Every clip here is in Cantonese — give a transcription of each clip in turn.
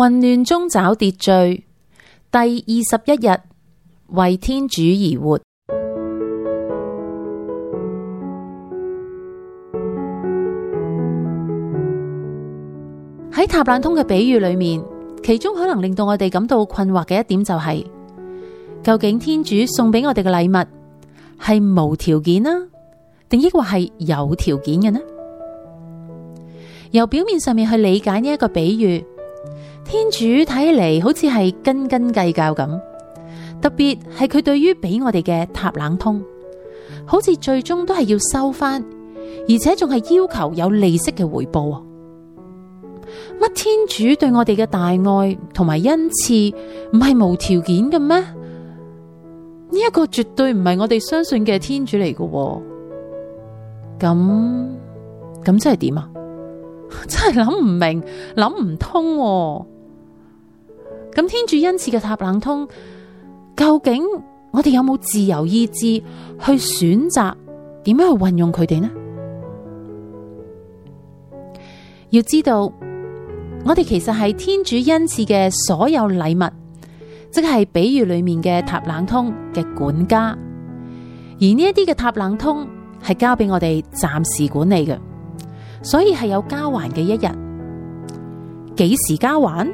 混亂中找秩序，第二十一日為天主而活。喺塔冷通嘅比喻裏面，其中可能令到我哋感到困惑嘅一點就係、是，究竟天主送俾我哋嘅禮物係無條件啊，定抑或係有條件嘅呢？由表面上面去理解呢一個比喻。天主睇嚟，好似係斤斤計較咁，特別係佢對於俾我哋嘅塔冷通，好似最終都係要收翻，而且仲係要求有利息嘅回報。乜天主對我哋嘅大愛同埋恩賜唔係無條件嘅咩？呢、這、一個絕對唔係我哋相信嘅天主嚟嘅。咁咁真係點啊？真係諗唔明，諗唔通。咁天主恩賜嘅塔冷通，究竟我哋有冇自由意志去選擇點樣去運用佢哋呢？要知道，我哋其實係天主恩賜嘅所有禮物，即係比喻裏面嘅塔冷通嘅管家，而呢一啲嘅塔冷通係交俾我哋暫時管理嘅，所以係有交還嘅一日，幾時交還？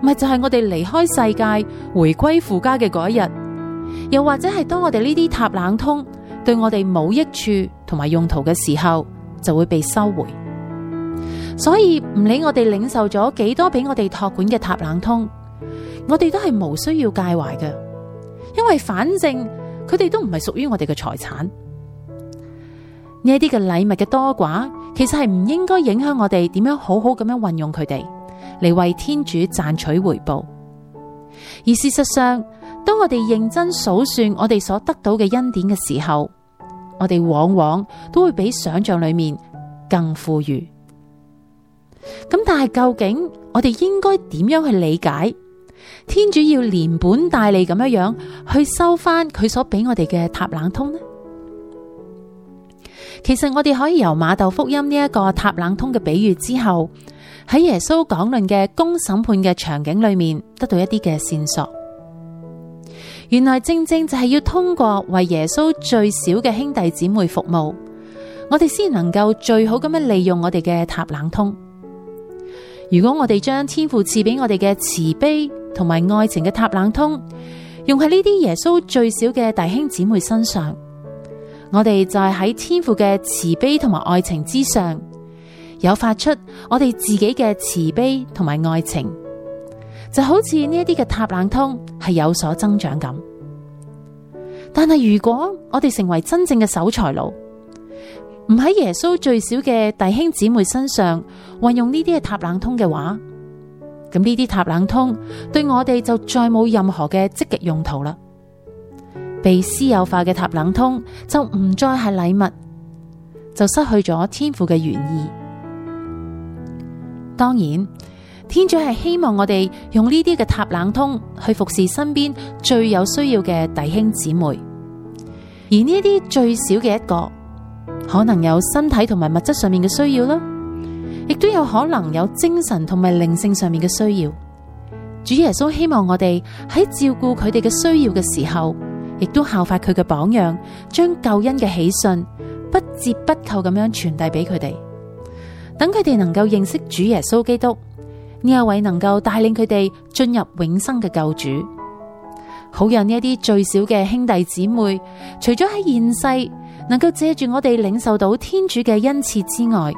咪就係我哋離開世界回歸父家嘅嗰一日，又或者係當我哋呢啲塔冷通對我哋冇益處同埋用途嘅時候，就會被收回。所以唔理我哋領受咗幾多俾我哋託管嘅塔冷通，我哋都係無需要介懷嘅，因為反正佢哋都唔係屬於我哋嘅財產。呢一啲嘅禮物嘅多寡，其實係唔應該影響我哋點樣好好咁樣運用佢哋，嚟為天主賺取回報，而事實上，當我哋認真數算我哋所得到嘅恩典嘅時候，我哋往往都會比想象裏面更富裕。咁但係究竟我哋應該點樣去理解天主要連本帶利咁樣樣去收翻佢所俾我哋嘅塔冷通呢？其實我哋可以由瑪竇福音呢一個塔冷通嘅比喻之後，喺耶穌講論嘅公審判嘅場景裏面，得到一啲嘅線索。原來正正就係要通過為耶穌最小嘅兄弟姊妹服務，我哋先能夠最好咁樣利用我哋嘅塔冷通。如果我哋將天父賜俾我哋嘅慈悲同埋愛情嘅塔冷通，用喺呢啲耶穌最小嘅弟兄姊妹身上，我哋就係喺天父嘅慈悲同埋愛情之上。有發出我哋自己嘅慈悲同埋愛情，就好似呢一啲嘅塔冷通係有所增長咁。但係如果我哋成為真正嘅守財奴，唔喺耶穌最小嘅弟兄姊妹身上運用呢啲嘅塔冷通嘅話，咁呢啲塔冷通對我哋就再冇任何嘅積極用途啦。被私有化嘅塔冷通就唔再係禮物，就失去咗天父嘅原意。當然，天主係希望我哋用呢啲嘅塔冷通去服侍身邊最有需要嘅弟兄姊妹，而呢啲最少嘅一個，可能有身體同埋物質上面嘅需要啦，亦都有可能有精神同埋靈性上面嘅需要。主耶穌希望我哋喺照顧佢哋嘅需要嘅時候，亦都效法佢嘅榜樣，將救恩嘅喜訊不折不扣咁樣傳遞俾佢哋。等佢哋能夠認識主耶穌基督，呢一位能夠帶領佢哋進入永生嘅救主，好讓呢一啲最小嘅兄弟姊妹，除咗喺現世能夠借住我哋領受到天主嘅恩賜之外，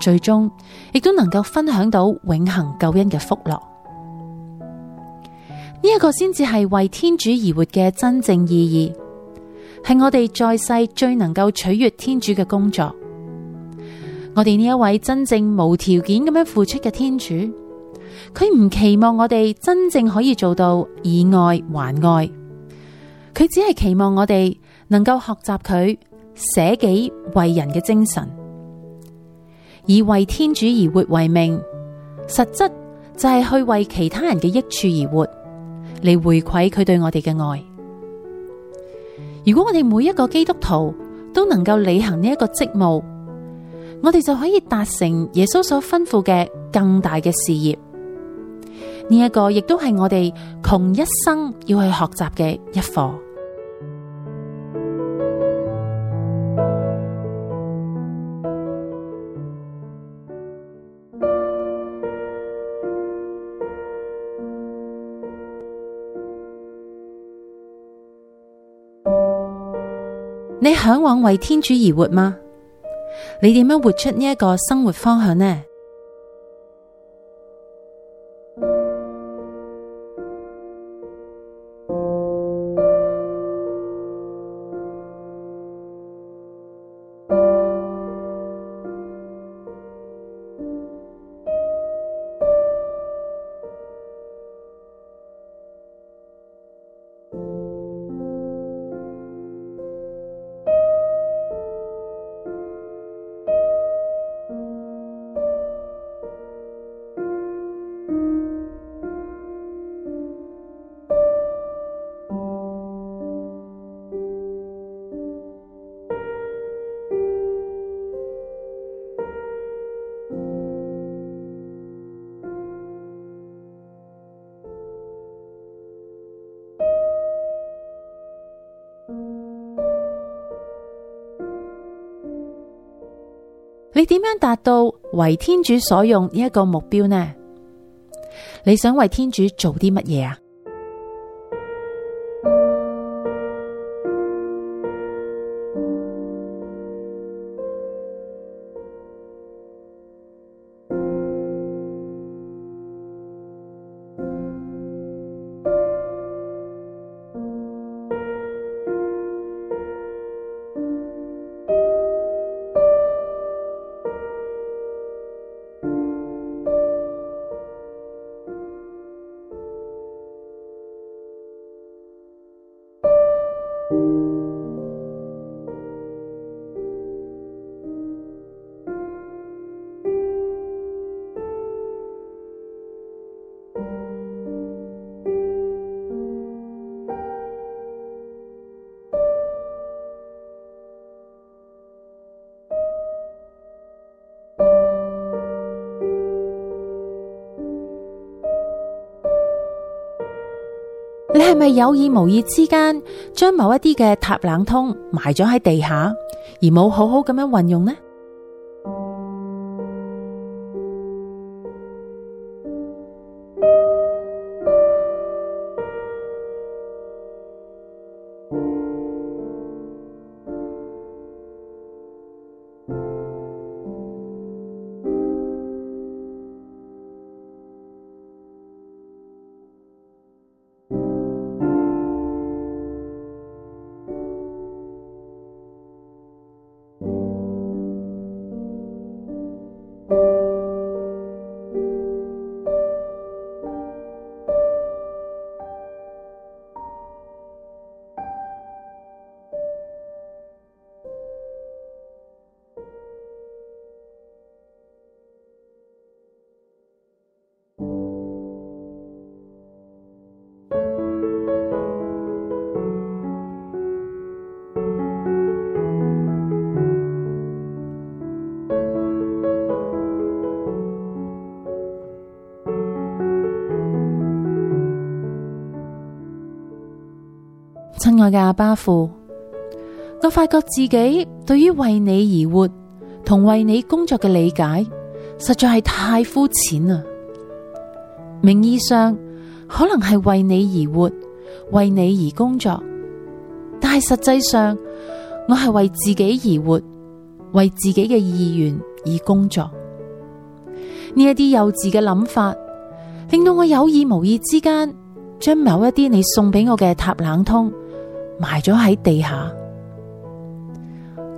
最終亦都能夠分享到永恆救恩嘅福樂。呢、這、一個先至係為天主而活嘅真正意義，係我哋在世最能夠取悅天主嘅工作。我哋呢一位真正無條件咁樣付出嘅天主，佢唔期望我哋真正可以做到以愛還愛，佢只係期望我哋能夠學習佢捨己為人嘅精神，以為天主而活為名，實質就係去為其他人嘅益處而活，嚟回饋佢對我哋嘅愛。如果我哋每一個基督徒都能夠履行呢一個職務，我哋就可以達成耶穌所吩咐嘅更大嘅事業。呢一個亦都係我哋窮一生要去學習嘅一課。你向往為天主而活嗎？你點樣活出呢個生活方向呢？你點樣達到為天主所用呢一個目標呢？你想為天主做啲乜嘢啊？係咪有意無意之間將某一啲嘅塔冷通埋咗喺地下，而冇好好咁樣運用呢？親愛嘅阿爸父，我發覺自己對於為你而活同為你工作嘅理解，實在係太膚淺喇！名義上可能係為你而活、為你而工作，但係實際上我係為自己而活、為自己嘅意願而工作。呢一啲幼稚嘅諗法，令到我有意無意之間，將某一啲你送俾我嘅塔冷通，埋咗喺地下，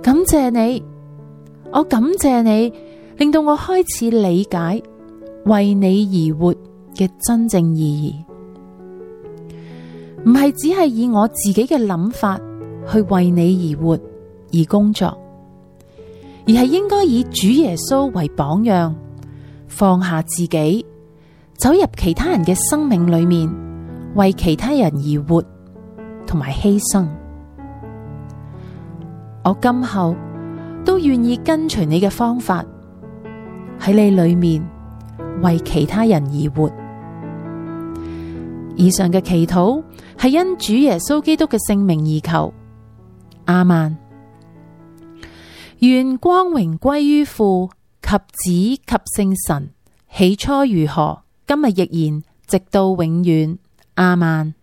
感謝你，我感謝你，令到我開始理解為你而活嘅真正意義，唔係只係以我自己嘅諗法去為你而活而工作，而係應該以主耶穌為榜樣，放下自己，走入其他人嘅生命裏面，為其他人而活。同埋犧牲，我今後都願意跟隨你嘅方法，喺你裏面為其他人而活。以上嘅祈禱係因主耶穌基督嘅聖名而求。亞孟，願光榮歸於父及子及聖神。起初如何，今日亦然，直到永遠。亞孟。